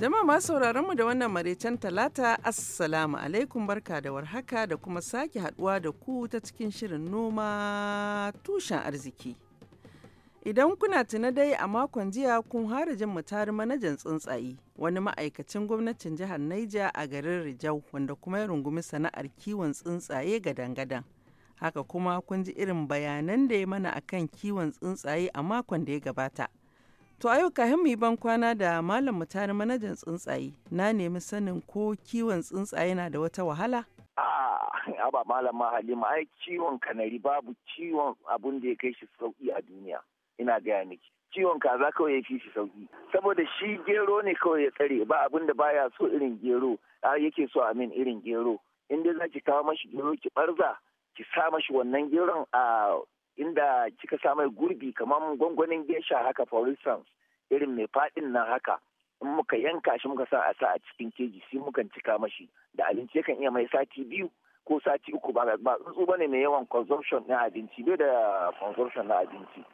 Jama'a masu sauraron mu da wannan maraicen talata assalamu alaikum barka da warhaka da kuma sake haduwa da ku ta cikin shirin noma tushen arziki. Idan kuna tuna dai a makon jiya kun hara jin mutari manajan tsuntsaye wani ma'aikacin gwamnatin jihar Naija a garin Rijau wanda kuma ya rungumi sana'ar kiwon tsuntsaye gadan-gadan. Haka kuma kun ji irin bayanan da ya mana akan kiwon tsuntsaye a makon da ya gabata. To a yau kahin mu yi ban kwana da malam mu tare manajan tsuntsaye na nemi sanin ko kiwon tsuntsaye na da wata wahala? A'a ba malama Halima ai ciwon kanari babu ciwon abun da ya kai shi sauki a duniya ina gaya miki. Ciwon kaza kawai ya fi shi sauki saboda shi gero ne kawai ya tsare ba abun da baya so irin gero yake so a min irin gero in dai za ki kawo mashi gero ki barza ki sa mashi wannan geron a inda kika sa gurbi kamar gwangwanin gesha haka for instance irin mai faɗin nan haka in muka yanka shi muka sa a sa a cikin keji sai mukan cika mashi da abinci yakan iya mai sati biyu ko sati uku ba ba tsuntsu bane mai yawan consumption na abinci bai da consumption na abinci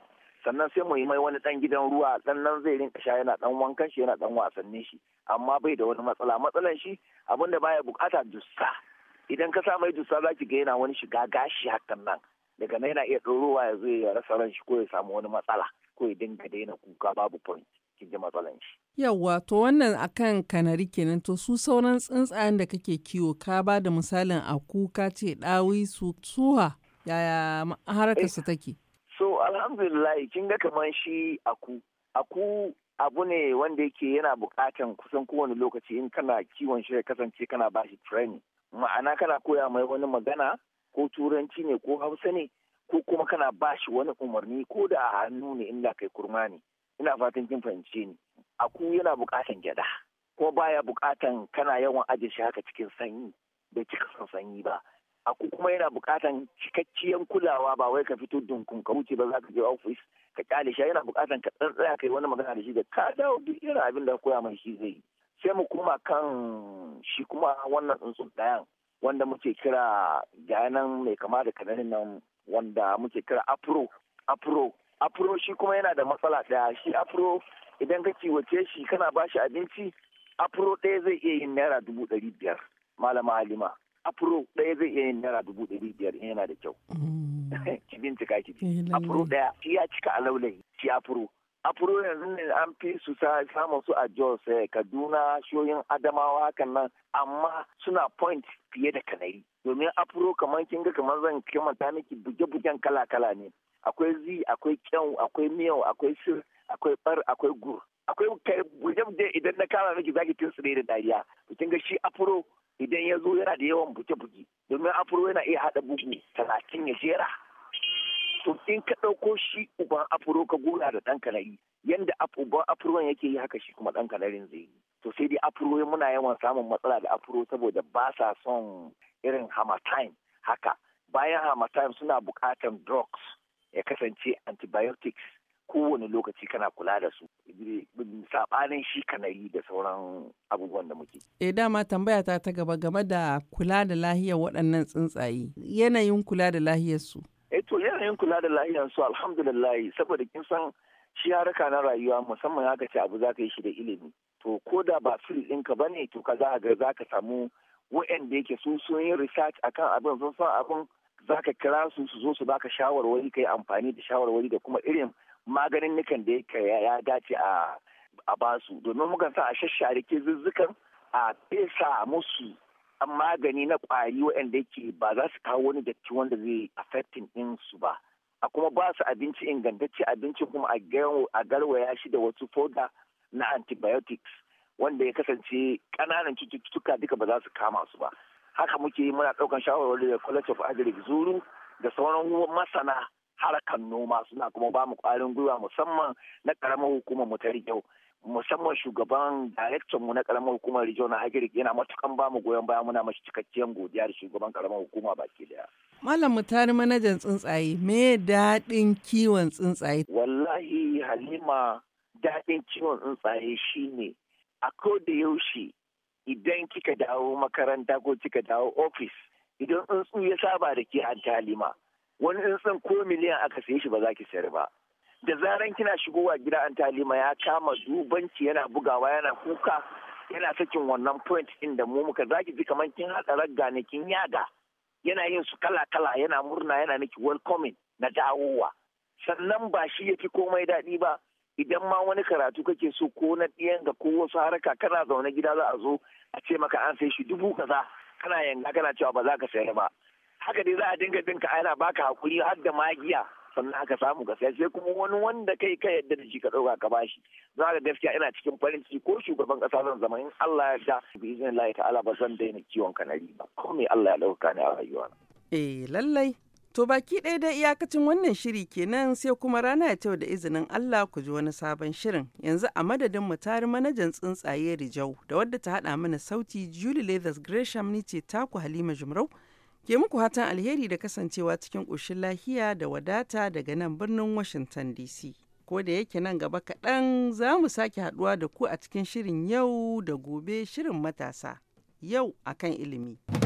sannan sai mu yi mai wani dan gidan ruwa dan nan zai rinka sha yana dan wankan shi yana dan wasanni shi amma bai da wani matsala matsalan shi abinda baya bukata dussa idan ka sa mai dussa zaki ga yana wani shiga gashi hakan nan daga nan yana iya ɗorowa ya zo ya rasa ran shi ko ya samu wani matsala ko ya dinga daina kuka babu point kin ji matsalan shi. Yawwa to wannan akan kanari kenan to su sauran tsuntsayen da kake kiwo ka ba da misalin a kuka ce ɗawi su tsuha yaya harkar su eh, take. So alhamdulillah kin ga kamar shi aku aku abu ne wanda yake yana bukatan kusan kowane lokaci in kana kiwon shi ya kasance kana ba bashi training ma'ana kana koya mai wani magana ko turanci ne ko hausa ne ko kuma kana ba shi wani umarni ko da a hannu ne inda kai kurma ne ina fatan kin fahimce ni aku yana bukatan gyada kuma baya bukatan kana yawan ajiye shi haka cikin sanyi da cika son sanyi ba aku kuma yana bukatan cikakkiyan kulawa ba wai ka fito dunkun ka wuce ba za ka je ofis ka kyale shi yana bukatan ka tsaya kai wani magana da shi da ka dawo duk irin abin da koya mai shi zai sai mu kuma kan shi kuma wannan tsuntsun ɗayan wanda muke kira ganan mai kama da kananin nan wanda muke kira afro afro afro shi kuma yana da matsala ɗaya shi afro idan ka kiwace shi kana ba shi abinci afro ɗaya zai iya yin naira dubu ɗari biyar malama halima afro ɗaya zai iya yin naira dubu ɗari biyar yana da kyau mm. ki bincika ki eh, afro ɗaya shi ya cika alaulayi shi afro afro yanzu ne an fi su samun su a jos eh, kaduna shoyin adamawa hakan nan amma suna point fiye da kanari domin afro kamar kin ga kamar zan kimanta miki buge-bugen kala-kala ne akwai zi akwai kyau akwai miyau akwai sir akwai bar akwai gur akwai kai buge-buge idan na kama miki zaki ne da dariya kin ga shi afro idan ya zo yana da yawan buge-buge domin afro yana iya haɗa bugu talatin ya jera to in ka ɗauko shi uban afuro ka gura da ɗan kanari yanda uban afuron yake yi haka shi kuma ɗan kanarin zai yi to sai dai afuro muna yawan samun matsala da afuro saboda ba sa son irin hamatime haka bayan hamatime suna bukatan drugs ya kasance antibiotics kowane lokaci kana kula da su saɓanin shi kanari da sauran abubuwan da muke. E dama tambaya ta ta gaba game da kula da lahiyar waɗannan tsuntsaye yanayin kula da lahiyar su. yanayin kula da su alhamdulillah saboda kin san shi haraka na rayuwa musamman haka ce abu za ka yi shi da ilimi to ko da ba fil ɗinka ba ne to ka za ga za ka samu wa'anda yake su sun yi research akan abin sun san abin za ka kira su su zo su baka shawarwari ka yi amfani da shawarwari da kuma irin maganin nikan da ya dace a a basu domin muka sa a shashare ke zuzzukan a fesa musu an magani na ƙwari waɗanda yake ba za su kawo wani datti wanda zai affecting din su ba a kuma ba su abinci ingantacce abinci kuma a garwaya shi da wasu foda na antibiotics wanda ya kasance ƙananan cututtuka duka ba za su kama su ba haka muke yi muna ɗaukan shawarwari da college of agric da sauran masana harkan noma suna kuma ba mu ƙwarin gwiwa musamman na karamar hukumar mu ta rigyau musamman shugaban director mu na karamar hukumar rigyau na Agirik yana matukan ba mu goyon baya muna mashi cikakkiyar godiya da shugaban karamar hukuma baki daya. Malam mu Mutari manajan tsuntsaye me daɗin kiwon tsuntsaye? Wallahi Halima daɗin kiwon tsuntsaye shine a ko da yaushe idan kika dawo makaranta ko kika dawo ofis idan tsuntsu ya saba da ke Halima. wani tsintsin ko miliyan aka sayi shi ba za ki sayar ba da zaran kina shigowa gida an talima ya kama dubanci yana bugawa yana kuka yana sakin wannan point din da mu muka zaki ji kamar kin haɗa ragga ne kin yaga yana yin su kala kala yana murna yana niki welcoming na dawowa sannan ba shi ya komai daɗi ba idan ma wani karatu kake so ko na ɗiyan ga ko wasu haraka kana zaune gida za a zo a ce maka an sai shi dubu kaza kana yanga kana cewa ba za ka sayar ba haka dai za a dinga dinka ana baka hakuri har da magiya sannan aka samu gaskiya sai kuma wani wanda kai ka yadda da shi ka ɗauka ka bashi za ka gaskiya ina cikin farin ciki ko shugaban kasa zan zama in Allah ya da bi izinin Allah ta'ala ba zan daina kiwon kanari ba ko me Allah ya dauka ni a rayuwa eh lallai to baki ɗaya da iyakacin wannan shiri kenan sai kuma rana ta da izinin Allah ku ji wani sabon shirin yanzu a madadin mu tari manajan tsuntsaye Rijau da wadda ta haɗa mana sauti Julie Leathers Gresham ni ce taku Halima Jumrau Ke muku hatan alheri da kasancewa cikin ƙoshin lahiya da wadata daga nan birnin Washington DC. Ko da yake nan gaba kaɗan za mu sake haɗuwa da ku a cikin shirin yau da gobe shirin matasa. Yau akan ilimi.